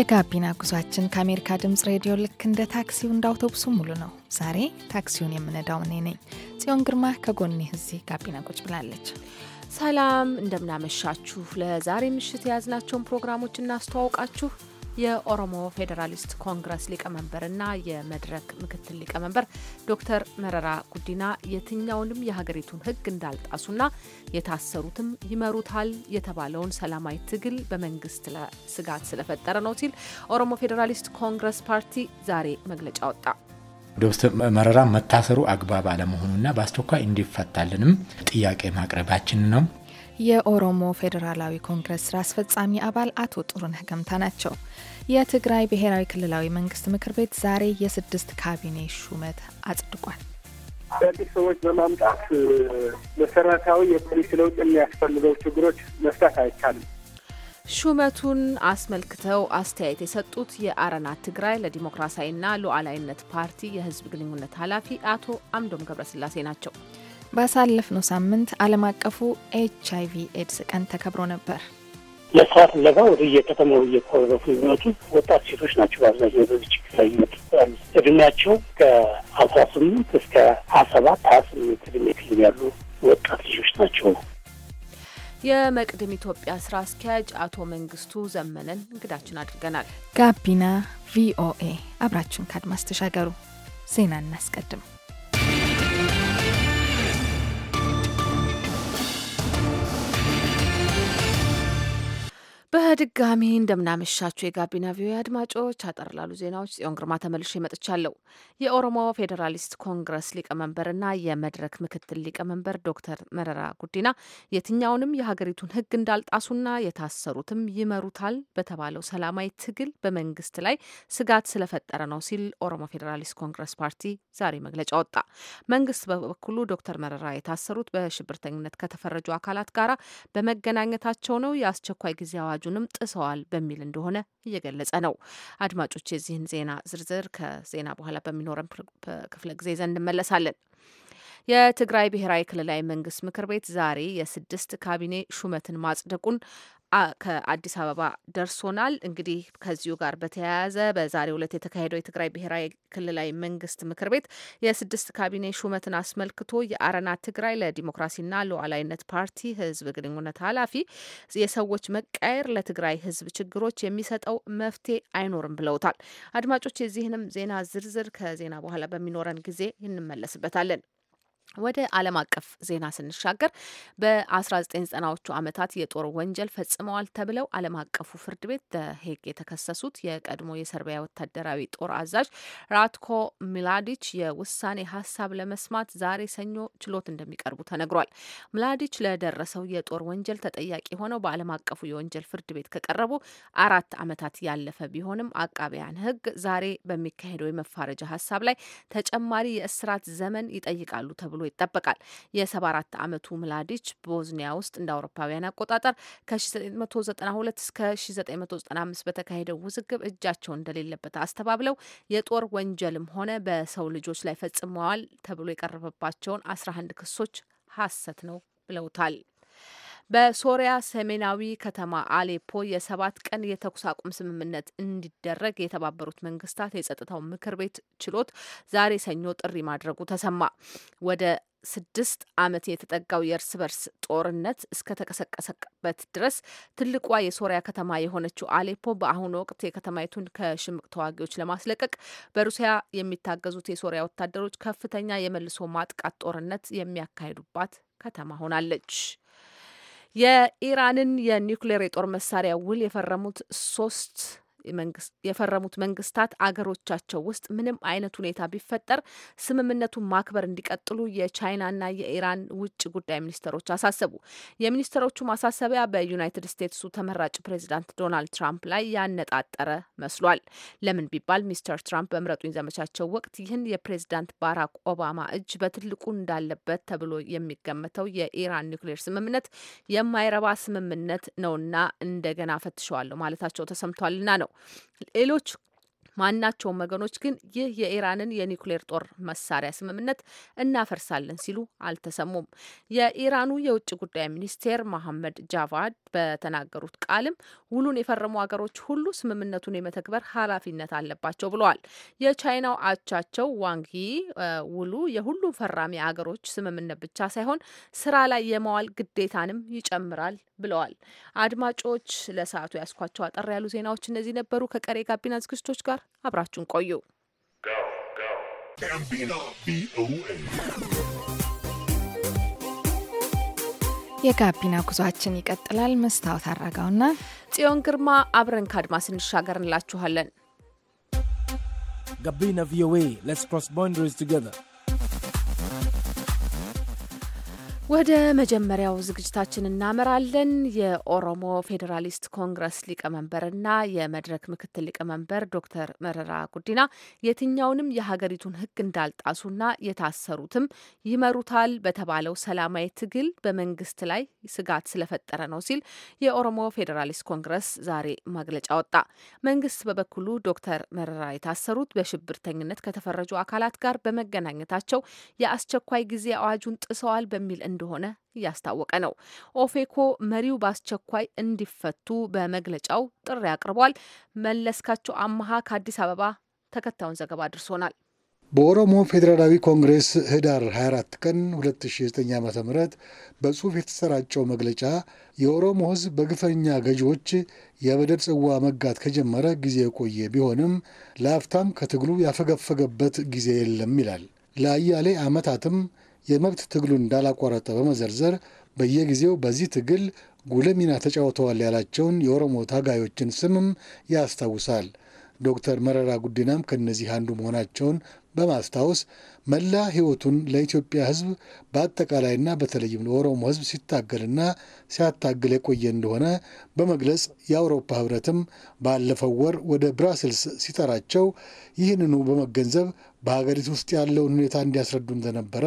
የጋቢና ጉዟችን ከአሜሪካ ድምፅ ሬዲዮ ልክ እንደ ታክሲው እንደ አውቶቡሱ ሙሉ ነው። ዛሬ ታክሲውን የምነዳው እኔ ነኝ ጽዮን ግርማ፣ ከጎኔ እዚህ ጋቢና ቁጭ ብላለች። ሰላም እንደምናመሻችሁ። ለዛሬ ምሽት የያዝናቸውን ፕሮግራሞች እናስተዋውቃችሁ። የኦሮሞ ፌዴራሊስት ኮንግረስ ሊቀመንበርና የመድረክ ምክትል ሊቀመንበር ዶክተር መረራ ጉዲና የትኛውንም የሀገሪቱን ሕግ እንዳልጣሱና የታሰሩትም ይመሩታል የተባለውን ሰላማዊ ትግል በመንግስት ስጋት ስለፈጠረ ነው ሲል ኦሮሞ ፌዴራሊስት ኮንግረስ ፓርቲ ዛሬ መግለጫ ወጣ። ዶክተር መረራ መታሰሩ አግባብ አለመሆኑና በአስቸኳይ እንዲፈታልንም ጥያቄ ማቅረባችን ነው። የኦሮሞ ፌዴራላዊ ኮንግረስ ስራ አስፈጻሚ አባል አቶ ጥሩነህ ገምታ ናቸው። የትግራይ ብሔራዊ ክልላዊ መንግስት ምክር ቤት ዛሬ የስድስት ካቢኔ ሹመት አጽድቋል። አዳዲስ ሰዎች በማምጣት መሰረታዊ የፖሊሲ ለውጥ የሚያስፈልገው ችግሮች መፍታት አይቻልም። ሹመቱን አስመልክተው አስተያየት የሰጡት የአረና ትግራይ ለዲሞክራሲያዊና ሉዓላዊነት ፓርቲ የህዝብ ግንኙነት ኃላፊ አቶ አምዶም ገብረስላሴ ናቸው። ባሳለፍነው ሳምንት ዓለም አቀፉ ኤች ቪ ኤድስ ቀን ተከብሮ ነበር። ለስራ ፍለጋ ወደ የከተማው እየኮረፉ የሚመጡ ወጣት ሴቶች ናቸው። በአብዛኛው በዚህ ችግር ላይ ይመጡ እድሜያቸው ከአስራ ስምንት እስከ ሀያ ሰባት ሀያ ስምንት እድሜ ክልል ያሉ ወጣት ልጆች ናቸው። የመቅድም ኢትዮጵያ ስራ አስኪያጅ አቶ መንግስቱ ዘመነን እንግዳችን አድርገናል። ጋቢና ቪኦኤ አብራችሁን ከአድማስ ተሻገሩ። ዜና እናስቀድም። በድጋሚ እንደምናመሻችሁ የጋቢና ቪዮ አድማጮች፣ አጠር ላሉ ዜናዎች ጽዮን ግርማ ተመልሼ መጥቻለሁ። የኦሮሞ ፌዴራሊስት ኮንግረስ ሊቀመንበርና የመድረክ ምክትል ሊቀመንበር ዶክተር መረራ ጉዲና የትኛውንም የሀገሪቱን ሕግ እንዳልጣሱና የታሰሩትም ይመሩታል በተባለው ሰላማዊ ትግል በመንግስት ላይ ስጋት ስለፈጠረ ነው ሲል ኦሮሞ ፌዴራሊስት ኮንግረስ ፓርቲ ዛሬ መግለጫ ወጣ። መንግስት በበኩሉ ዶክተር መረራ የታሰሩት በሽብርተኝነት ከተፈረጁ አካላት ጋራ በመገናኘታቸው ነው የአስቸኳይ ጊዜ አዋ አዋጁንም ጥሰዋል በሚል እንደሆነ እየገለጸ ነው። አድማጮች የዚህን ዜና ዝርዝር ከዜና በኋላ በሚኖረን ክፍለ ጊዜ ይዘን እንመለሳለን። የትግራይ ብሔራዊ ክልላዊ መንግስት ምክር ቤት ዛሬ የስድስት ካቢኔ ሹመትን ማጽደቁን ከአዲስ አበባ ደርሶናል። እንግዲህ ከዚሁ ጋር በተያያዘ በዛሬው ዕለት የተካሄደው የትግራይ ብሔራዊ ክልላዊ መንግስት ምክር ቤት የስድስት ካቢኔ ሹመትን አስመልክቶ የአረና ትግራይ ለዲሞክራሲና ሉዓላዊነት ፓርቲ ህዝብ ግንኙነት ኃላፊ የሰዎች መቃየር ለትግራይ ህዝብ ችግሮች የሚሰጠው መፍትሄ አይኖርም ብለውታል። አድማጮች የዚህንም ዜና ዝርዝር ከዜና በኋላ በሚኖረን ጊዜ እንመለስበታለን። ወደ ዓለም አቀፍ ዜና ስንሻገር በ1990ዎቹ ዓመታት የጦር ወንጀል ፈጽመዋል ተብለው ዓለም አቀፉ ፍርድ ቤት በሄግ የተከሰሱት የቀድሞ የሰርቢያ ወታደራዊ ጦር አዛዥ ራትኮ ሚላዲች የውሳኔ ሀሳብ ለመስማት ዛሬ ሰኞ ችሎት እንደሚቀርቡ ተነግሯል። ሚላዲች ለደረሰው የጦር ወንጀል ተጠያቂ ሆነው በዓለም አቀፉ የወንጀል ፍርድ ቤት ከቀረቡ አራት ዓመታት ያለፈ ቢሆንም አቃቢያን ሕግ ዛሬ በሚካሄደው የመፋረጃ ሀሳብ ላይ ተጨማሪ የእስራት ዘመን ይጠይቃሉ ተብሎ ተብሎ ይጠበቃል። የ74 ዓመቱ ምላዲች ቦዝኒያ ውስጥ እንደ አውሮፓውያን አቆጣጠር ከ1992 እስከ 1995 በተካሄደው ውዝግብ እጃቸው እንደሌለበት አስተባብለው የጦር ወንጀልም ሆነ በሰው ልጆች ላይ ፈጽመዋል ተብሎ የቀረበባቸውን 11 ክሶች ሐሰት ነው ብለውታል። በሶሪያ ሰሜናዊ ከተማ አሌፖ የሰባት ቀን የተኩስ አቁም ስምምነት እንዲደረግ የተባበሩት መንግስታት የጸጥታው ምክር ቤት ችሎት ዛሬ ሰኞ ጥሪ ማድረጉ ተሰማ። ወደ ስድስት ዓመት የተጠጋው የእርስ በርስ ጦርነት እስከ ተቀሰቀሰበት ድረስ ትልቋ የሶሪያ ከተማ የሆነችው አሌፖ በአሁኑ ወቅት የከተማይቱን ከሽምቅ ተዋጊዎች ለማስለቀቅ በሩሲያ የሚታገዙት የሶሪያ ወታደሮች ከፍተኛ የመልሶ ማጥቃት ጦርነት የሚያካሂዱባት ከተማ ሆናለች። የኢራንን የኒውክሌር የጦር መሳሪያ ውል የፈረሙት ሶስት የፈረሙት መንግስታት አገሮቻቸው ውስጥ ምንም አይነት ሁኔታ ቢፈጠር ስምምነቱን ማክበር እንዲቀጥሉ የቻይናና የኢራን ውጭ ጉዳይ ሚኒስትሮች አሳሰቡ። የሚኒስትሮቹ ማሳሰቢያ በዩናይትድ ስቴትሱ ተመራጭ ፕሬዚዳንት ዶናልድ ትራምፕ ላይ ያነጣጠረ መስሏል። ለምን ቢባል ሚስተር ትራምፕ በምረጡኝ ዘመቻቸው ወቅት ይህን የፕሬዚዳንት ባራክ ኦባማ እጅ በትልቁ እንዳለበት ተብሎ የሚገመተው የኢራን ኒውክሌር ስምምነት የማይረባ ስምምነት ነውና እንደገና ፈትሸዋለሁ ማለታቸው ተሰምቷልና ነው። El 8 ማናቸውም ወገኖች ግን ይህ የኢራንን የኒውክሌር ጦር መሳሪያ ስምምነት እናፈርሳለን ሲሉ አልተሰሙም። የኢራኑ የውጭ ጉዳይ ሚኒስቴር መሐመድ ጃቫድ በተናገሩት ቃልም ውሉን የፈረሙ ሀገሮች ሁሉ ስምምነቱን የመተግበር ኃላፊነት አለባቸው ብለዋል። የቻይናው አቻቸው ዋንጊ ውሉ የሁሉም ፈራሚ ሀገሮች ስምምነት ብቻ ሳይሆን ስራ ላይ የመዋል ግዴታንም ይጨምራል ብለዋል። አድማጮች ለሰዓቱ ያስኳቸው አጠር ያሉ ዜናዎች እነዚህ ነበሩ። ከቀሬ ጋቢና ዝግጅቶች ጋር ጋር አብራችሁን ቆዩ። የጋቢና ጉዟችን ይቀጥላል። መስታወት አረጋውና ጽዮን ግርማ አብረን ከአድማስ እንሻገር እንላችኋለን። ጋቢና ቪኦኤ ሌትስ ክሮስ ቦንደሪስ ቱጌዘር ወደ መጀመሪያው ዝግጅታችን እናመራለን። የኦሮሞ ፌዴራሊስት ኮንግረስ ሊቀመንበርና የመድረክ ምክትል ሊቀመንበር ዶክተር መረራ ጉዲና የትኛውንም የሀገሪቱን ሕግ እንዳልጣሱና የታሰሩትም ይመሩታል በተባለው ሰላማዊ ትግል በመንግስት ላይ ስጋት ስለፈጠረ ነው ሲል የኦሮሞ ፌዴራሊስት ኮንግረስ ዛሬ መግለጫ ወጣ። መንግስት በበኩሉ ዶክተር መረራ የታሰሩት በሽብርተኝነት ከተፈረጁ አካላት ጋር በመገናኘታቸው የአስቸኳይ ጊዜ አዋጁን ጥሰዋል በሚል እንደሆነ እያስታወቀ ነው። ኦፌኮ መሪው በአስቸኳይ እንዲፈቱ በመግለጫው ጥሪ አቅርቧል። መለስካቸው አመሃ ከአዲስ አበባ ተከታዩን ዘገባ አድርሶናል። በኦሮሞ ፌዴራላዊ ኮንግሬስ ህዳር 24 ቀን 2009 ዓ ም በጽሑፍ የተሰራጨው መግለጫ የኦሮሞ ህዝብ በግፈኛ ገዢዎች የበደል ጽዋ መጋት ከጀመረ ጊዜ የቆየ ቢሆንም ለአፍታም ከትግሉ ያፈገፈገበት ጊዜ የለም ይላል። ለአያሌ ዓመታትም የመብት ትግሉን እንዳላቋረጠ በመዘርዘር በየጊዜው በዚህ ትግል ጉልህ ሚና ተጫውተዋል ያላቸውን የኦሮሞ ታጋዮችን ስምም ያስታውሳል። ዶክተር መረራ ጉዲናም ከነዚህ አንዱ መሆናቸውን በማስታወስ መላ ሕይወቱን ለኢትዮጵያ ሕዝብ በአጠቃላይና በተለይም ለኦሮሞ ሕዝብ ሲታገልና ሲያታግል የቆየ እንደሆነ በመግለጽ የአውሮፓ ሕብረትም ባለፈው ወር ወደ ብራስልስ ሲጠራቸው ይህንኑ በመገንዘብ በሀገሪቱ ውስጥ ያለውን ሁኔታ እንዲያስረዱ እንደነበረ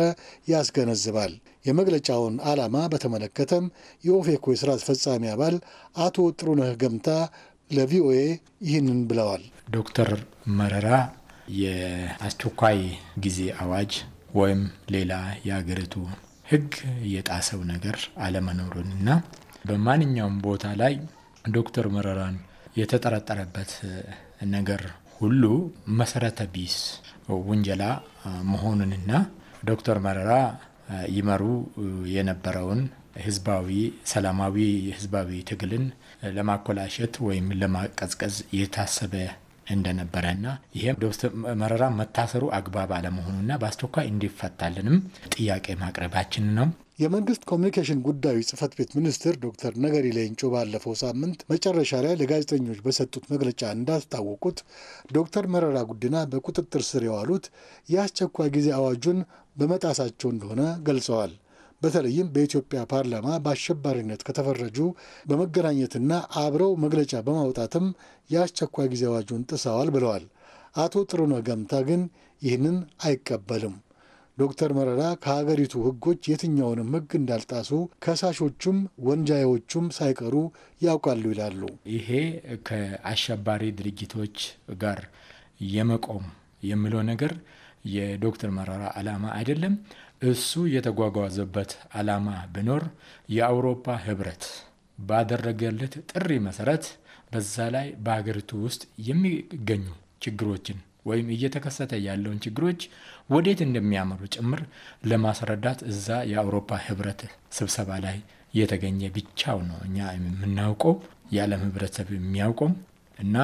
ያስገነዝባል። የመግለጫውን ዓላማ በተመለከተም የኦፌኮ የስራ አስፈጻሚ አባል አቶ ጥሩነህ ገምታ ለቪኦኤ ይህንን ብለዋል። ዶክተር መረራ የአስቸኳይ ጊዜ አዋጅ ወይም ሌላ የሀገሪቱ ሕግ የጣሰው ነገር አለመኖሩንና በማንኛውም ቦታ ላይ ዶክተር መረራን የተጠረጠረበት ነገር ሁሉ መሰረተ ቢስ ውንጀላ መሆኑንና ዶክተር መረራ ይመሩ የነበረውን ህዝባዊ ሰላማዊ ህዝባዊ ትግልን ለማኮላሸት ወይም ለማቀዝቀዝ የታሰበ እንደነበረና ይሄም ዶክተር መረራ መታሰሩ አግባብ አለመሆኑና በአስቸኳይ እንዲፈታልንም ጥያቄ ማቅረባችን ነው። የመንግስት ኮሚኒኬሽን ጉዳዮች ጽህፈት ቤት ሚኒስትር ዶክተር ነገሪ ሌንጮ ባለፈው ሳምንት መጨረሻ ላይ ለጋዜጠኞች በሰጡት መግለጫ እንዳስታወቁት ዶክተር መረራ ጉዲና በቁጥጥር ስር የዋሉት የአስቸኳይ ጊዜ አዋጁን በመጣሳቸው እንደሆነ ገልጸዋል። በተለይም በኢትዮጵያ ፓርላማ በአሸባሪነት ከተፈረጁ በመገናኘትና አብረው መግለጫ በማውጣትም የአስቸኳይ ጊዜ አዋጁን ጥሰዋል ብለዋል። አቶ ጥሩነህ ገምታ ግን ይህንን አይቀበልም። ዶክተር መረራ ከሀገሪቱ ሕጎች የትኛውንም ሕግ እንዳልጣሱ ከሳሾቹም ወንጃዮቹም ሳይቀሩ ያውቃሉ ይላሉ። ይሄ ከአሸባሪ ድርጅቶች ጋር የመቆም የሚለው ነገር የዶክተር መረራ ዓላማ አይደለም። እሱ የተጓጓዘበት ዓላማ ቢኖር የአውሮፓ ህብረት ባደረገለት ጥሪ መሰረት በዛ ላይ በሀገሪቱ ውስጥ የሚገኙ ችግሮችን ወይም እየተከሰተ ያለውን ችግሮች ወዴት እንደሚያመሩ ጭምር ለማስረዳት እዛ የአውሮፓ ህብረት ስብሰባ ላይ የተገኘ ብቻው ነው እኛ የምናውቀው፣ የዓለም ህብረተሰብ የሚያውቀው እና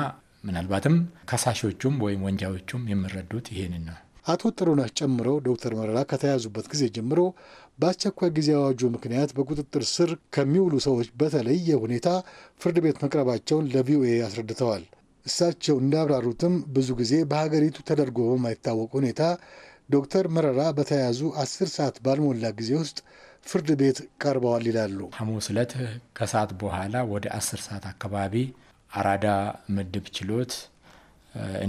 ምናልባትም ከሳሾቹም ወይም ወንጃዎቹም የሚረዱት ይሄንን ነው። አቶ ጥሩነህ ጨምሮ ዶክተር መረራ ከተያዙበት ጊዜ ጀምሮ በአስቸኳይ ጊዜ አዋጁ ምክንያት በቁጥጥር ስር ከሚውሉ ሰዎች በተለየ ሁኔታ ፍርድ ቤት መቅረባቸውን ለቪኦኤ አስረድተዋል። እሳቸው እንዳብራሩትም ብዙ ጊዜ በሀገሪቱ ተደርጎ በማይታወቅ ሁኔታ ዶክተር መረራ በተያያዙ አስር ሰዓት ባልሞላ ጊዜ ውስጥ ፍርድ ቤት ቀርበዋል ይላሉ። ሐሙስ ዕለት ከሰዓት በኋላ ወደ አስር ሰዓት አካባቢ አራዳ ምድብ ችሎት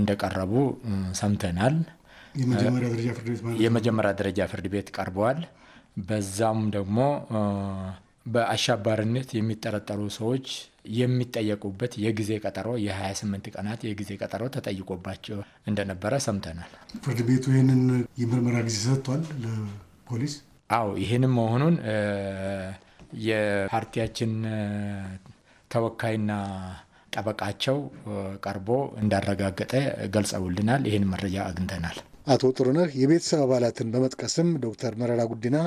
እንደቀረቡ ሰምተናል። የመጀመሪያ ደረጃ ፍርድ ቤት ቀርበዋል። በዛም ደግሞ በአሻባሪነት የሚጠረጠሩ ሰዎች የሚጠየቁበት የጊዜ ቀጠሮ የ28 ቀናት የጊዜ ቀጠሮ ተጠይቆባቸው እንደነበረ ሰምተናል። ፍርድ ቤቱ ይህንን የምርመራ ጊዜ ሰጥቷል ለፖሊስ። አዎ ይህንም መሆኑን የፓርቲያችን ተወካይና ጠበቃቸው ቀርቦ እንዳረጋገጠ ገልጸውልናል። ይህን መረጃ አግኝተናል። አቶ ጥሩነህ የቤተሰብ አባላትን በመጥቀስም ዶክተር መረራ ጉዲና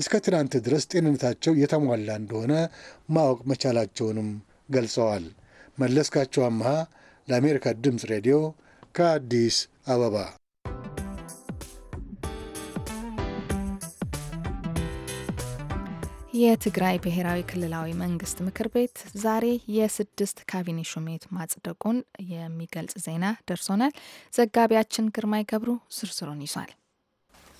እስከ ትናንት ድረስ ጤንነታቸው የተሟላ እንደሆነ ማወቅ መቻላቸውንም ገልጸዋል። መለስካቸው አምሃ ለአሜሪካ ድምፅ ሬዲዮ ከአዲስ አበባ የትግራይ ብሔራዊ ክልላዊ መንግስት ምክር ቤት ዛሬ የስድስት ካቢኔ ሹሜት ማጽደቁን የሚገልጽ ዜና ደርሶናል። ዘጋቢያችን ግርማይ ገብሩ ዝርዝሩን ይዟል።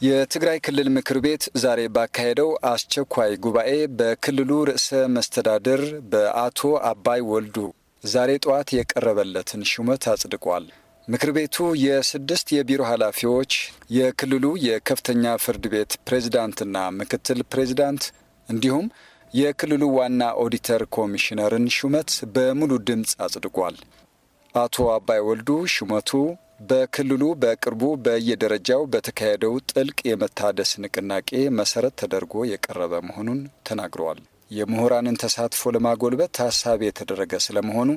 የትግራይ ክልል ምክር ቤት ዛሬ ባካሄደው አስቸኳይ ጉባኤ በክልሉ ርዕሰ መስተዳድር በአቶ አባይ ወልዱ ዛሬ ጠዋት የቀረበለትን ሹመት አጽድቋል። ምክር ቤቱ የስድስት የቢሮ ኃላፊዎች፣ የክልሉ የከፍተኛ ፍርድ ቤት ፕሬዝዳንትና ምክትል ፕሬዝዳንት እንዲሁም የክልሉ ዋና ኦዲተር ኮሚሽነርን ሹመት በሙሉ ድምፅ አጽድቋል። አቶ አባይ ወልዱ ሹመቱ በክልሉ በቅርቡ በየደረጃው በተካሄደው ጥልቅ የመታደስ ንቅናቄ መሰረት ተደርጎ የቀረበ መሆኑን ተናግረዋል። የምሁራንን ተሳትፎ ለማጎልበት ታሳቢ የተደረገ ስለመሆኑ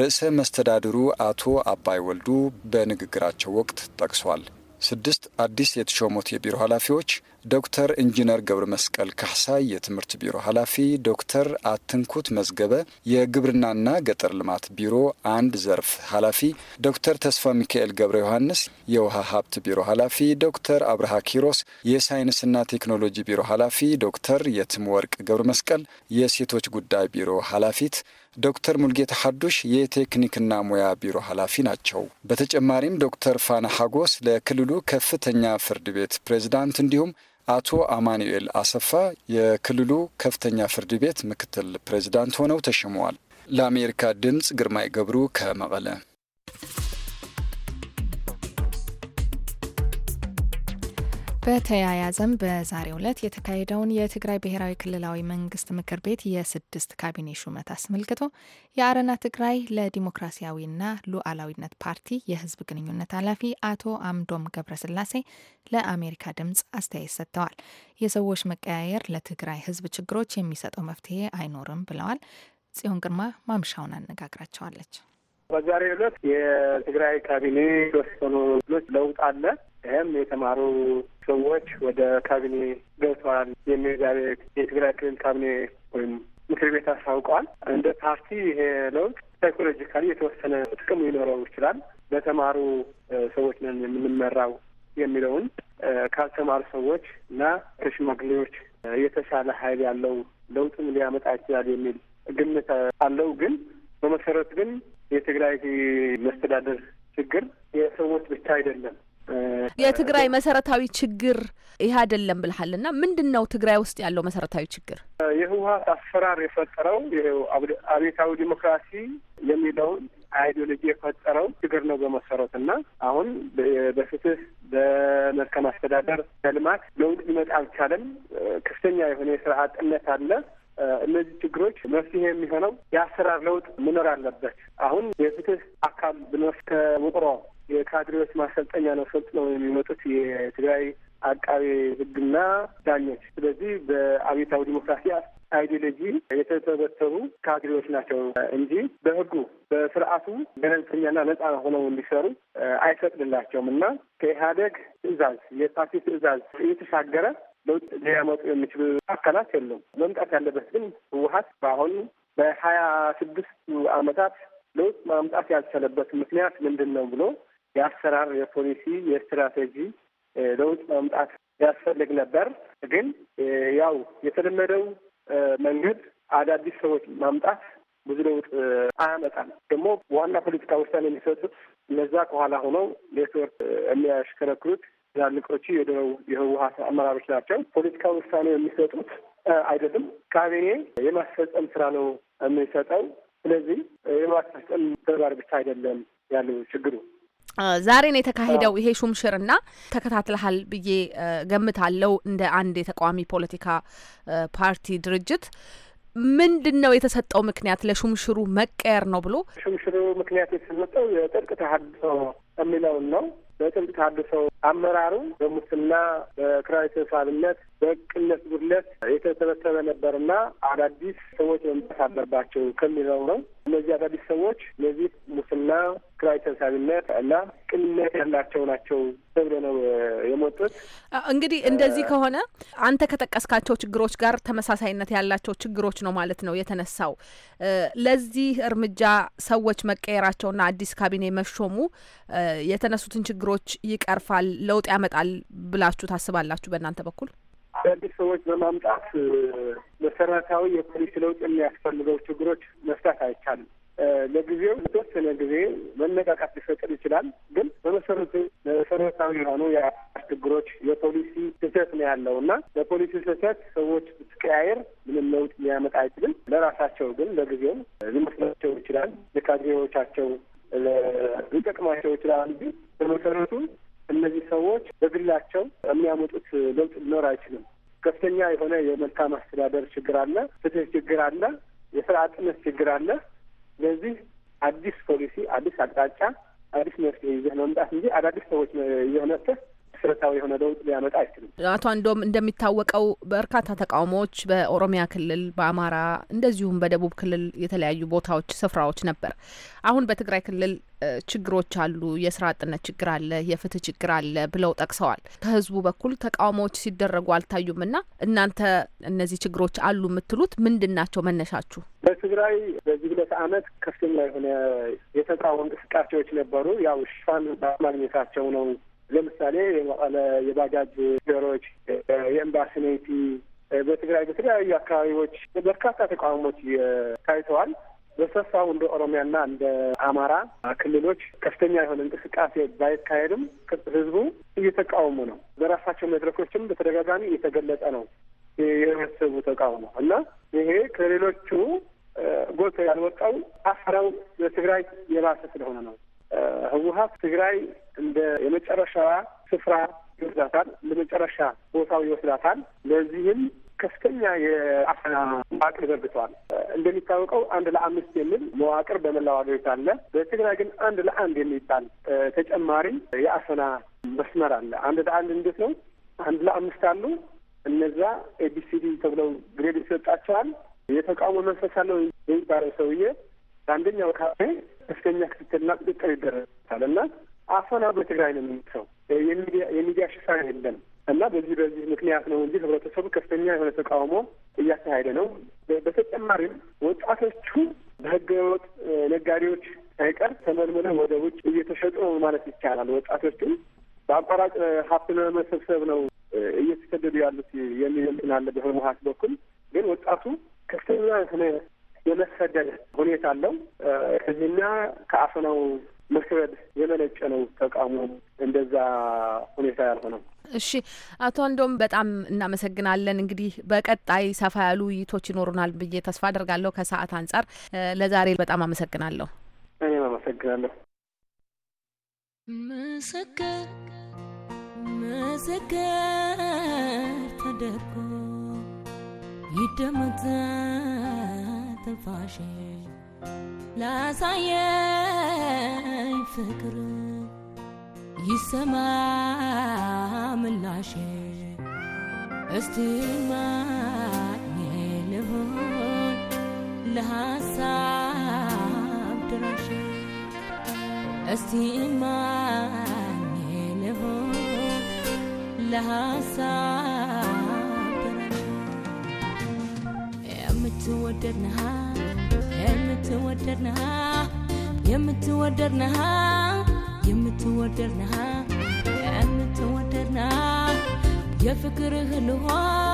ርዕሰ መስተዳድሩ አቶ አባይ ወልዱ በንግግራቸው ወቅት ጠቅሷል። ስድስት አዲስ የተሾሙት የቢሮ ኃላፊዎች ዶክተር ኢንጂነር ገብረ መስቀል ካሕሳይ የትምህርት ቢሮ ኃላፊ፣ ዶክተር አትንኩት መዝገበ የግብርናና ገጠር ልማት ቢሮ አንድ ዘርፍ ኃላፊ፣ ዶክተር ተስፋ ሚካኤል ገብረ ዮሐንስ የውሃ ሀብት ቢሮ ኃላፊ፣ ዶክተር አብርሃ ኪሮስ የሳይንስና ቴክኖሎጂ ቢሮ ኃላፊ፣ ዶክተር የትም ወርቅ ገብረ መስቀል የሴቶች ጉዳይ ቢሮ ኃላፊት ዶክተር ሙልጌታ ሐዱሽ የቴክኒክና ሙያ ቢሮ ኃላፊ ናቸው። በተጨማሪም ዶክተር ፋና ሐጎስ ለክልሉ ከፍተኛ ፍርድ ቤት ፕሬዝዳንት እንዲሁም አቶ አማኑኤል አሰፋ የክልሉ ከፍተኛ ፍርድ ቤት ምክትል ፕሬዚዳንት ሆነው ተሽመዋል። ለአሜሪካ ድምፅ ግርማይ ገብሩ ከመቀለ በተያያዘም በዛሬው ዕለት የተካሄደውን የትግራይ ብሔራዊ ክልላዊ መንግስት ምክር ቤት የስድስት ካቢኔ ሹመት አስመልክቶ የአረና ትግራይ ለዲሞክራሲያዊና ሉዓላዊነት ፓርቲ የህዝብ ግንኙነት ኃላፊ አቶ አምዶም ገብረስላሴ ለአሜሪካ ድምፅ አስተያየት ሰጥተዋል። የሰዎች መቀያየር ለትግራይ ህዝብ ችግሮች የሚሰጠው መፍትሄ አይኖርም ብለዋል። ጽዮን ግርማ ማምሻውን አነጋግራቸዋለች። በዛሬው ዕለት የትግራይ ካቢኔ የተወሰኑ ሎች ለውጥ አለ። ይህም የተማሩ ሰዎች ወደ ካቢኔ ገብተዋል የሚል ዛሬ የትግራይ ክልል ካቢኔ ወይም ምክር ቤት አስታውቀዋል። እንደ ፓርቲ ይሄ ለውጥ ሳይኮሎጂካሊ የተወሰነ ጥቅም ሊኖረው ይችላል። በተማሩ ሰዎች ነን የምንመራው የሚለውን ካልተማሩ ሰዎች እና ከሽማግሌዎች የተሻለ ኃይል ያለው ለውጥም ሊያመጣ ይችላል የሚል ግምት አለው። ግን በመሰረት ግን የትግራይ መስተዳደር ችግር የሰዎች ብቻ አይደለም። የትግራይ መሰረታዊ ችግር ይህ አይደለም ብልሃል ና ምንድን ነው ትግራይ ውስጥ ያለው መሰረታዊ ችግር? የህወሀት አሰራር የፈጠረው አቤታዊ ዲሞክራሲ የሚለውን አይዲዮሎጂ የፈጠረው ችግር ነው በመሰረት እና አሁን በፍትህ በመልካም አስተዳደር በልማት ለውጥ ሊመጣ አልቻለም። ከፍተኛ የሆነ የስራ አጥነት አለ። እነዚህ ችግሮች መፍትሄ የሚሆነው የአሰራር ለውጥ መኖር አለበት። አሁን የፍትህ አካል ብንወስ ከውቅሮ የካድሬዎች ማሰልጠኛ ነው ሰልጥነው የሚመጡት የትግራይ አቃቤ ሕግና ዳኞች። ስለዚህ በአብዮታዊ ዲሞክራሲ አይዲዮሎጂ የተተበተቡ ካድሬዎች ናቸው እንጂ በህጉ በስርዓቱ ገለልተኛና ነጻ ሆነው እንዲሰሩ አይፈቅድላቸውም እና ከኢህአደግ ትዕዛዝ የፓርቲ ትዕዛዝ እየተሻገረ ለውጥ ሊያመጡ የሚችሉ አካላት የለም። መምጣት ያለበት ግን ህወሀት በአሁኑ በሀያ ስድስቱ አመታት ለውጥ ማምጣት ያልቻለበት ምክንያት ምንድን ነው ብሎ የአሰራር፣ የፖሊሲ፣ የስትራቴጂ ለውጥ ማምጣት ያስፈልግ ነበር። ግን ያው የተለመደው መንገድ አዳዲስ ሰዎች ማምጣት ብዙ ለውጥ አያመጣም። ደግሞ ዋና ፖለቲካ ውሳኔ የሚሰጡት እነዛ ከኋላ ሆነው ኔትወርክ የሚያሽከረክሩት ትላልቆቹ የህወሀት አመራሮች ናቸው። ፖለቲካ ውሳኔ የሚሰጡት አይደለም፣ ካቢኔ የማስፈጸም ስራ ነው የሚሰጠው። ስለዚህ የማስፈጸም ተግባር ብቻ አይደለም ያለው ችግሩ። ዛሬ ነው የተካሄደው ይሄ ሹምሽርና ተከታትለሃል ብዬ ገምታለው። እንደ አንድ የተቃዋሚ ፖለቲካ ፓርቲ ድርጅት ምንድን ነው የተሰጠው ምክንያት ለሹምሽሩ መቀየር ነው ብሎ ሹምሽሩ ምክንያት የተሰጠው የጥልቅ ተሀድሶ የሚለውን ነው። በጥብቅ ታድሰው አመራሩ በሙስና በኪራይ ሰብሳቢነት በቅነት ጉድለት የተሰበሰበ ነበርና አዳዲስ ሰዎች መምጣት አለባቸው ከሚለው ነው። እነዚህ አዳዲስ ሰዎች እነዚህ ሙስና፣ ኪራይ ሰብሳቢነት እና ቅንነት ያላቸው ናቸው ተብሎ ነው የመጡት። እንግዲህ እንደዚህ ከሆነ አንተ ከጠቀስካቸው ችግሮች ጋር ተመሳሳይነት ያላቸው ችግሮች ነው ማለት ነው የተነሳው። ለዚህ እርምጃ ሰዎች መቀየራቸውና አዲስ ካቢኔ መሾሙ የተነሱትን ችግሮች ይቀርፋል፣ ለውጥ ያመጣል ብላችሁ ታስባላችሁ በእናንተ በኩል? አዳዲስ ሰዎች በማምጣት መሰረታዊ የፖሊሲ ለውጥ የሚያስፈልገው ችግሮች መፍታት አይቻልም። ለጊዜው የተወሰነ ጊዜ መነቃቃት ሊፈጥር ይችላል። ግን በመሰረቱ መሰረታዊ የሆኑ የአ ችግሮች የፖሊሲ ስህተት ነው ያለው እና በፖሊሲ ስህተት ሰዎች ብትቀያየር ምንም ለውጥ ሊያመጣ አይችልም። ለራሳቸው ግን ለጊዜው ሊመስላቸው ይችላል፣ ለካድሬዎቻቸው ሊጠቅማቸው ይችላል እንጂ በመሰረቱ እነዚህ ሰዎች በግላቸው የሚያመጡት ለውጥ ሊኖር አይችልም። ከፍተኛ የሆነ የመልካም አስተዳደር ችግር አለ፣ ፍትህ ችግር አለ፣ የስራ አጥነት ችግር አለ። ስለዚህ አዲስ ፖሊሲ፣ አዲስ አቅጣጫ፣ አዲስ መፍትሄ ይዘህ መምጣት እንጂ አዳዲስ ሰዎች ይዘህ እየሆነብህ መሰረታዊ የሆነ ለውጥ ሊያመጣ አይችልም። አቶ አንዶም እንደሚታወቀው በርካታ ተቃውሞዎች በኦሮሚያ ክልል፣ በአማራ እንደዚሁም በደቡብ ክልል የተለያዩ ቦታዎች ስፍራዎች ነበር። አሁን በትግራይ ክልል ችግሮች አሉ፣ የስራ አጥነት ችግር አለ፣ የፍትህ ችግር አለ ብለው ጠቅሰዋል። ከህዝቡ በኩል ተቃውሞዎች ሲደረጉ አልታዩም እና እናንተ እነዚህ ችግሮች አሉ የምትሉት ምንድን ናቸው መነሻችሁ? በትግራይ በዚህ ሁለት አመት ከፍተኛ የሆነ የተቃውሞ እንቅስቃሴዎች ነበሩ። ያው ሽፋን ባለማግኘታቸው ነው ለምሳሌ የመቀለ የባጃጅ ሮች የኤምባሲ ኔቲ በትግራይ በተለያዩ አካባቢዎች በርካታ ተቃውሞች ታይተዋል። በሰፋው እንደ ኦሮሚያና እንደ አማራ ክልሎች ከፍተኛ የሆነ እንቅስቃሴ ባይካሄድም ህዝቡ እየተቃወሙ ነው። በራሳቸው መድረኮችም በተደጋጋሚ እየተገለጸ ነው የህብረተሰቡ ተቃውሞ እና ይሄ ከሌሎቹ ጎልቶ ያልወጣው አፈራው በትግራይ የባሰ ስለሆነ ነው። ህወሀት ትግራይ እንደ የመጨረሻ ስፍራ ይወስዳታል፣ ለመጨረሻ ቦታው ይወስዳታል። ለዚህም ከፍተኛ የአፈና መዋቅር ዘርግተዋል። እንደሚታወቀው አንድ ለአምስት የሚል መዋቅር በመላው አገሪቱ አለ። በትግራይ ግን አንድ ለአንድ የሚባል ተጨማሪ የአፈና መስመር አለ። አንድ ለአንድ እንዴት ነው? አንድ ለአምስት አሉ። እነዛ ኤቢሲዲ ተብለው ግሬድ ይሰጣቸዋል። የተቃውሞ መንፈስ አለው የሚባለው ሰውዬ ለአንደኛው ካፌ ከፍተኛ ክትትልና ቁጥጥር ይደረግታል እና አፈና በትግራይ ነው የሚሰው የሚዲያ ሽፋን የለም እና በዚህ በዚህ ምክንያት ነው እንጂ ህብረተሰቡ ከፍተኛ የሆነ ተቃውሞ እያካሄደ ነው። በተጨማሪም ወጣቶቹ በህገወጥ ነጋዴዎች ሳይቀር ተመልምለው ወደ ውጭ እየተሸጡ ነው ማለት ይቻላል። ወጣቶቹ በአቋራጭ ሀብት ለመሰብሰብ ነው እየተሰደዱ ያሉት የሚል እንትን አለ በህወሀት በኩል ግን ወጣቱ ከፍተኛ የሆነ የመሰደድ ሁኔታ አለው። ከዚህና ከአፈናው መክበድ የመነጨ ነው ተቃውሞ እንደዛ ሁኔታ ያልሆነው። እሺ አቶ አንዶም በጣም እናመሰግናለን። እንግዲህ በቀጣይ ሰፋ ያሉ ውይይቶች ይኖሩናል ብዬ ተስፋ አደርጋለሁ። ከሰዓት አንጻር ለዛሬ በጣም አመሰግናለሁ። እኔም አመሰግናለሁ። ምስክር ተደርጎ ይደመጣል ትንፋሽ ላሳየኝ ፍቅር ይሰማ ምላሽ እስቲ ማኝ ልሆን ለሐሳብ ድራሽ እስቲ ማኝ ለሐሳብ ነሃ ነሃ የምትወደድ የምትወደድነሃ የምትወደድነሃ የምትወደድነሃ የምትወደድነሃ የምትወደድነሃ የፍቅርህ ልሆን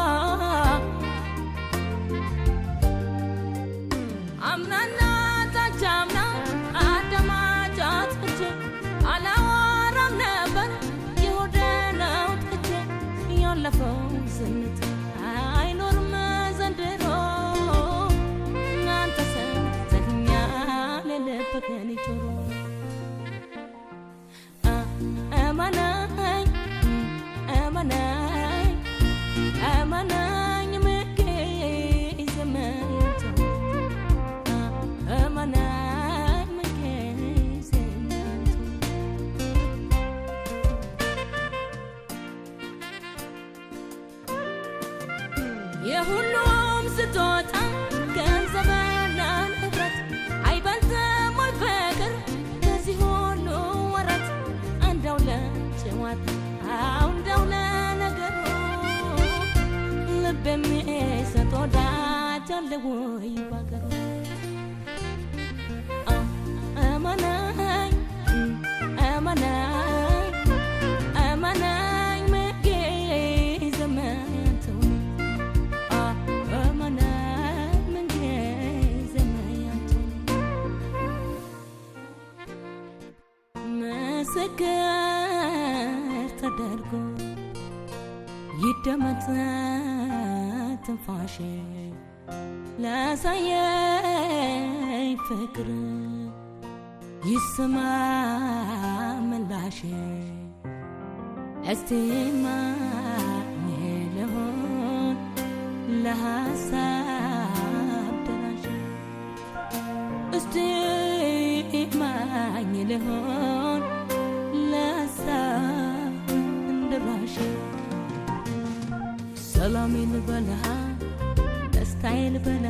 ደስታዬን በላ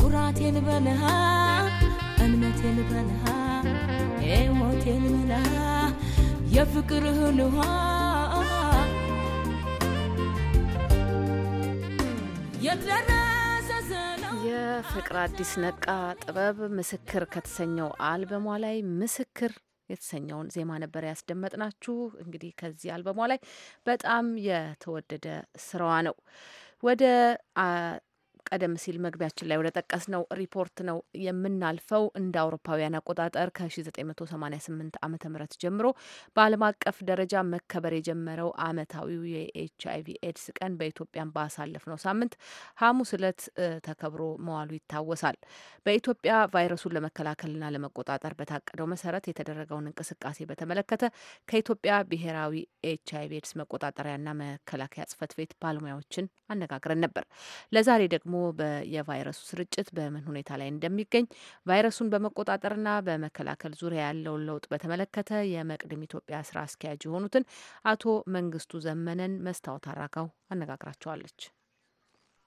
ኩራቴን እምነቴን ሕይወቴን የፍቅርህን ውሃ የፍቅር አዲስ ነቃ ጥበብ ምስክር ከተሰኘው አልበሟ ላይ ምስክር የተሰኘውን ዜማ ነበር ያስደመጥናችሁ። እንግዲህ ከዚህ አልበሟ ላይ በጣም የተወደደ ስራዋ ነው። ወደ ቀደም ሲል መግቢያችን ላይ ወደ ጠቀስነው ሪፖርት ነው የምናልፈው። እንደ አውሮፓውያን አቆጣጠር ከ1988 ዓ ም ጀምሮ በዓለም አቀፍ ደረጃ መከበር የጀመረው አመታዊው የኤች አይቪ ኤድስ ቀን በኢትዮጵያን ባሳለፍነው ሳምንት ሐሙስ እለት ተከብሮ መዋሉ ይታወሳል። በኢትዮጵያ ቫይረሱን ለመከላከልና ለመቆጣጠር በታቀደው መሰረት የተደረገውን እንቅስቃሴ በተመለከተ ከኢትዮጵያ ብሔራዊ ኤች አይቪ ኤድስ መቆጣጠሪያና መከላከያ ጽህፈት ቤት ባለሙያዎችን አነጋግረን ነበር። ለዛሬ ደግሞ የቫይረሱ ስርጭት በምን ሁኔታ ላይ እንደሚገኝ ቫይረሱን በመቆጣጠርና በመከላከል ዙሪያ ያለውን ለውጥ በተመለከተ የመቅድም ኢትዮጵያ ስራ አስኪያጅ የሆኑትን አቶ መንግስቱ ዘመነን መስታወት አራጋው አነጋግራቸዋለች።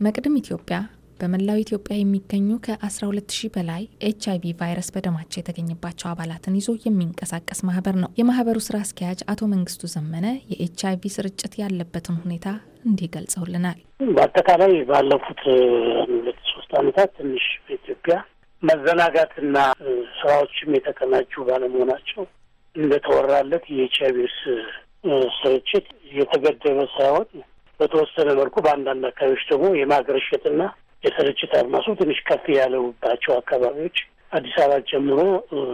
መቅድም ኢትዮጵያ በመላው ኢትዮጵያ የሚገኙ ከ 12000 በላይ ኤች አይቪ ቫይረስ በደማቸው የተገኘባቸው አባላትን ይዞ የሚንቀሳቀስ ማህበር ነው። የማህበሩ ስራ አስኪያጅ አቶ መንግስቱ ዘመነ የኤች አይቪ ስርጭት ያለበትን ሁኔታ እንዲህ ገልጸውልናል። በአጠቃላይ ባለፉት ሁለት ሶስት አመታት ትንሽ በኢትዮጵያ መዘናጋትና ስራዎችም የተቀናጁ ባለመሆናቸው እንደተወራለት የኤች አይቪ ስርጭት እየተገደበ ሳይሆን በተወሰነ መልኩ በአንዳንድ አካባቢዎች ደግሞ የማገረሸትና የስርጭት አድማሱ ትንሽ ከፍ ያለባቸው አካባቢዎች አዲስ አበባ ጀምሮ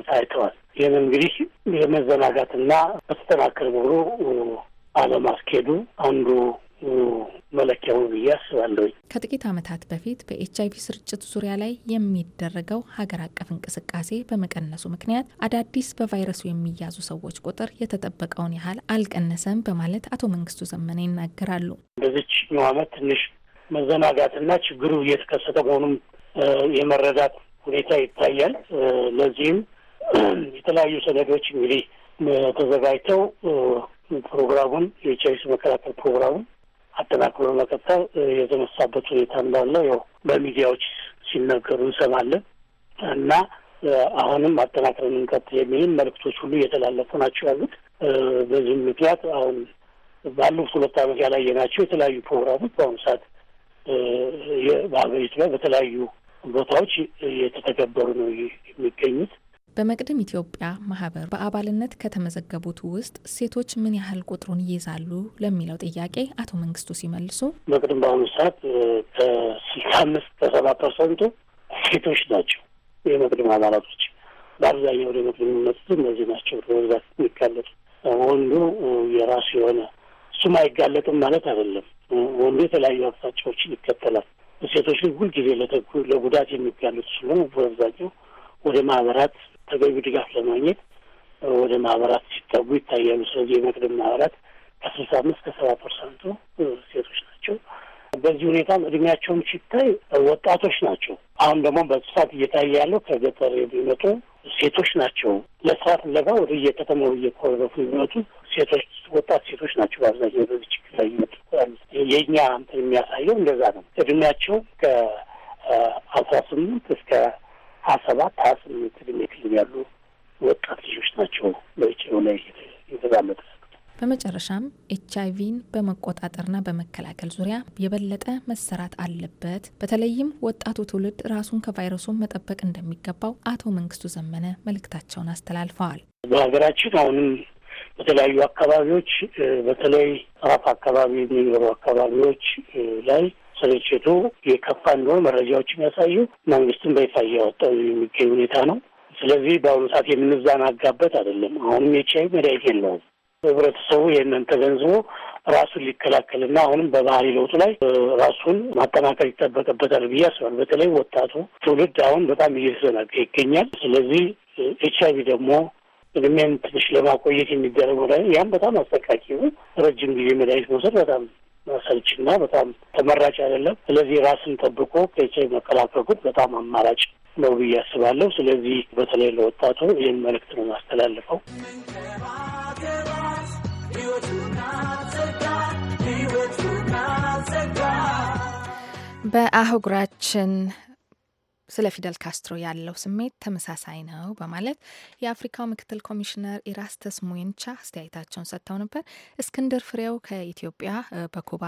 ታይተዋል። ይህም እንግዲህ የመዘናጋትና በተጠናከር ብሎ አለማስኬዱ አንዱ መለኪያው ብዬ አስባለሁ። ከጥቂት ዓመታት በፊት በኤች አይቪ ስርጭት ዙሪያ ላይ የሚደረገው ሀገር አቀፍ እንቅስቃሴ በመቀነሱ ምክንያት አዳዲስ በቫይረሱ የሚያዙ ሰዎች ቁጥር የተጠበቀውን ያህል አልቀነሰም በማለት አቶ መንግስቱ ዘመነ ይናገራሉ። በዚችኛው ዓመት ትንሽ መዘናጋትና ችግሩ እየተከሰተ መሆኑም የመረዳት ሁኔታ ይታያል። ለዚህም የተለያዩ ሰነዶች እንግዲህ ተዘጋጅተው ፕሮግራሙን የኤች አይቪ መከላከል ፕሮግራሙን አጠናክሮ መቀጠል የተነሳበት ሁኔታ እንዳለ ያው በሚዲያዎች ሲነገሩ እንሰማለን እና አሁንም አጠናክረን እንቀጥል የሚልም መልእክቶች ሁሉ እየተላለፉ ናቸው ያሉት። በዚህም ምክንያት አሁን ባሉት ሁለት ዓመት ያላየናቸው የተለያዩ ፕሮግራሞች በአሁኑ ሰዓት በሀገሪቱ በተለያዩ ቦታዎች እየተተገበሩ ነው የሚገኙት። በመቅደም ኢትዮጵያ ማህበር በአባልነት ከተመዘገቡት ውስጥ ሴቶች ምን ያህል ቁጥሩን ይይዛሉ ለሚለው ጥያቄ አቶ መንግስቱ ሲመልሱ መቅደም በአሁኑ ሰዓት ከስልሳ አምስት ከሰባ ፐርሰንቱ ሴቶች ናቸው። የመቅደም አባላቶች በአብዛኛው ወደ መቅደም የሚመጡት እነዚህ ናቸው። በብዛት የሚጋለጡ ወንዱ የራሱ የሆነ እሱም አይጋለጥም ማለት አይደለም። ወንዱ የተለያዩ አቅጣጫዎችን ይከተላል። ሴቶች ግን ሁልጊዜ ለጉዳት የሚጋለጡ ስለሆነ በአብዛኛው ወደ ማህበራት ተገቢ ድጋፍ ለማግኘት ወደ ማህበራት ሲጠጉ ይታያሉ። ስለዚህ የመቅደም ማህበራት ከስልሳ አምስት ከሰባ ፐርሰንቱ ሴቶች ናቸው። በዚህ ሁኔታም እድሜያቸውም ሲታይ ወጣቶች ናቸው። አሁን ደግሞ በስፋት እየታየ ያለው ከገጠር የሚመጡ ሴቶች ናቸው። ለስራ ፍለጋ ወደ የከተማው እየኮረፉ የሚመጡ ሴቶች፣ ወጣት ሴቶች ናቸው። በአብዛኛው በዚህ ችግር ላይ ይመጡ የእኛ እንትን የሚያሳየው እንደዛ ነው። እድሜያቸው ከአስራ ስምንት እስከ ሀያ ሰባት ሀያ ስምንት እድሜ ክልል ያሉ ወጣት ልጆች ናቸው በጭው ላይ የተዛመጠ በመጨረሻም ኤች አይቪን በመቆጣጠርና በመከላከል ዙሪያ የበለጠ መሰራት አለበት። በተለይም ወጣቱ ትውልድ ራሱን ከቫይረሱ መጠበቅ እንደሚገባው አቶ መንግስቱ ዘመነ መልእክታቸውን አስተላልፈዋል። በሀገራችን አሁንም በተለያዩ አካባቢዎች በተለይ ራፍ አካባቢ የሚኖሩ አካባቢዎች ላይ ስርጭቱ የከፋ እንደሆነ መረጃዎች የሚያሳዩ መንግስትም በይፋ እያወጣ የሚገኝ ሁኔታ ነው። ስለዚህ በአሁኑ ሰዓት የምንዛናጋበት አይደለም። አሁንም ኤች አይቪ መድኃኒት የለውም። ህብረተሰቡ ይህንን ተገንዝቦ ራሱን ሊከላከልና አሁንም በባህሪ ለውጡ ላይ ራሱን ማጠናከር ይጠበቅበታል ብዬ አስባለሁ። በተለይ ወጣቱ ትውልድ አሁን በጣም እየተዘናገ ይገኛል። ስለዚህ ኤች አይቪ ደግሞ እድሜን ትንሽ ለማቆየት የሚደረግ ላይ ያም በጣም አስጠቃቂ ነው። ረጅም ጊዜ መድኃኒት መውሰድ በጣም ሰልችና በጣም ተመራጭ አይደለም። ስለዚህ ራስን ጠብቆ ከኤች አይቪ መከላከል በጣም አማራጭ ነው ብዬ አስባለሁ። ስለዚህ በተለይ ለወጣቱ ይህን መልእክት ነው ማስተላልፈው። በአህጉራችን ስለ ፊደል ካስትሮ ያለው ስሜት ተመሳሳይ ነው በማለት የአፍሪካው ምክትል ኮሚሽነር ኢራስተስ ሙንቻ አስተያየታቸውን ሰጥተው ነበር። እስክንድር ፍሬው ከኢትዮጵያ በኩባ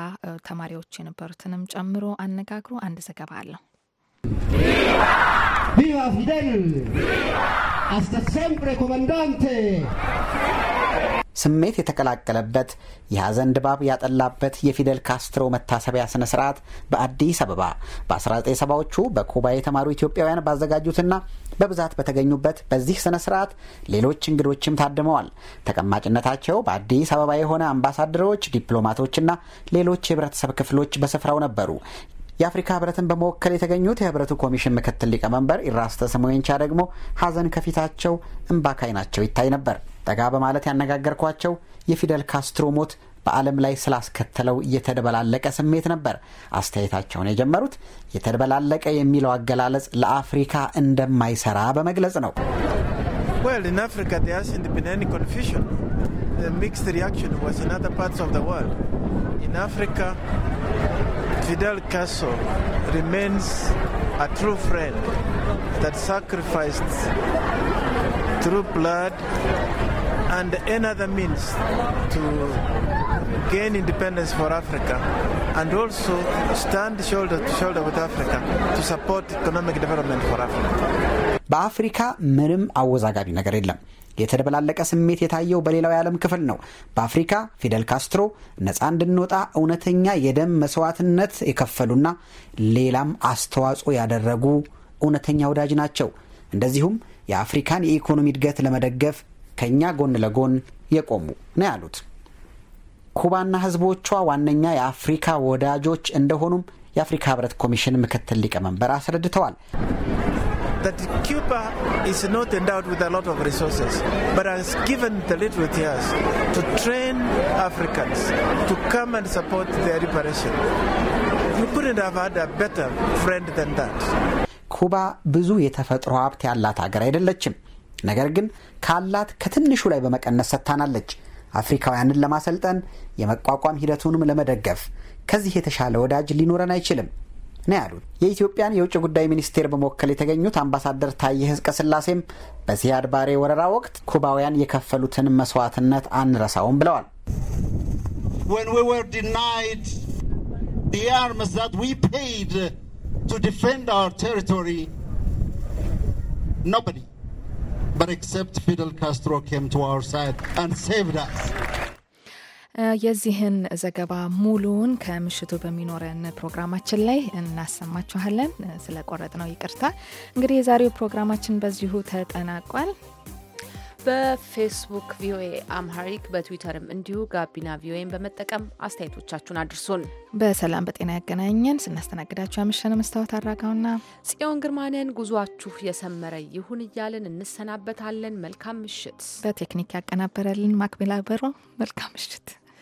ተማሪዎች የነበሩትንም ጨምሮ አነጋግሮ አንድ ዘገባ አለው። ቪቫ ፊደል አስተሰምፕሬ ኮመንዳንቴ ስሜት የተቀላቀለበት የሐዘን ድባብ ያጠላበት የፊደል ካስትሮ መታሰቢያ ስነ ስርዓት በአዲስ አበባ በ1970ዎቹ በኩባ የተማሩ ኢትዮጵያውያን ባዘጋጁትና በብዛት በተገኙበት በዚህ ስነ ስርዓት ሌሎች እንግዶችም ታድመዋል። ተቀማጭነታቸው በአዲስ አበባ የሆነ አምባሳደሮች፣ ዲፕሎማቶችና ሌሎች የህብረተሰብ ክፍሎች በስፍራው ነበሩ። የአፍሪካ ህብረትን በመወከል የተገኙት የህብረቱ ኮሚሽን ምክትል ሊቀመንበር ኢራስተ ስሞንቻ ደግሞ ሀዘን ከፊታቸው እምባካይ ናቸው ይታይ ነበር። ጠጋ በማለት ያነጋገርኳቸው የፊደል ካስትሮ ሞት በዓለም ላይ ስላስከተለው እየተደበላለቀ ስሜት ነበር። አስተያየታቸውን የጀመሩት የተደበላለቀ የሚለው አገላለጽ ለአፍሪካ እንደማይሰራ በመግለጽ ነው። Fidel Castro remains a true friend that sacrificed through blood and any other means to gain independence for Africa and also stand shoulder to shoulder with Africa to support economic development for Africa. በአፍሪካ ምንም አወዛጋቢ ነገር የለም። የተደበላለቀ ስሜት የታየው በሌላው የዓለም ክፍል ነው። በአፍሪካ ፊደል ካስትሮ ነፃ እንድንወጣ እውነተኛ የደም መስዋዕትነት የከፈሉና ሌላም አስተዋጽኦ ያደረጉ እውነተኛ ወዳጅ ናቸው። እንደዚሁም የአፍሪካን የኢኮኖሚ እድገት ለመደገፍ ከእኛ ጎን ለጎን የቆሙ ነው ያሉት። ኩባና ህዝቦቿ ዋነኛ የአፍሪካ ወዳጆች እንደሆኑም የአፍሪካ ህብረት ኮሚሽን ምክትል ሊቀመንበር አስረድተዋል። that Cuba is not endowed with a lot of resources, but has given the little it has to train Africans to come and support their reparation. We couldn't have had a better friend than that. ኩባ ብዙ የተፈጥሮ ሀብት ያላት ሀገር አይደለችም። ነገር ግን ካላት ከትንሹ ላይ በመቀነስ ሰጥታናለች። አፍሪካውያንን ለማሰልጠን የመቋቋም ሂደቱንም ለመደገፍ ከዚህ የተሻለ ወዳጅ ሊኖረን አይችልም። ነው ያሉት። የኢትዮጵያን የውጭ ጉዳይ ሚኒስቴር በመወከል የተገኙት አምባሳደር ታዬ ህዝቀ ስላሴም በዚያድ ባሬ ወረራ ወቅት ኩባውያን የከፈሉትን መስዋዕትነት አንረሳውም ብለዋል። የዚህን ዘገባ ሙሉውን ከምሽቱ በሚኖረን ፕሮግራማችን ላይ እናሰማችኋለን። ስለቆረጥ ነው ይቅርታ። እንግዲህ የዛሬው ፕሮግራማችን በዚሁ ተጠናቋል። በፌስቡክ ቪኦኤ አምሃሪክ በትዊተርም እንዲሁ ጋቢና ቪኦኤን በመጠቀም አስተያየቶቻችሁን አድርሱን። በሰላም በጤና ያገናኘን። ስናስተናግዳችሁ ያመሸነ መስታወት አራጋውና ጽዮን ግርማንን ጉዟችሁ የሰመረ ይሁን እያልን እንሰናበታለን። መልካም ምሽት። በቴክኒክ ያቀናበረልን ማክቤላ በሮ። መልካም ምሽት።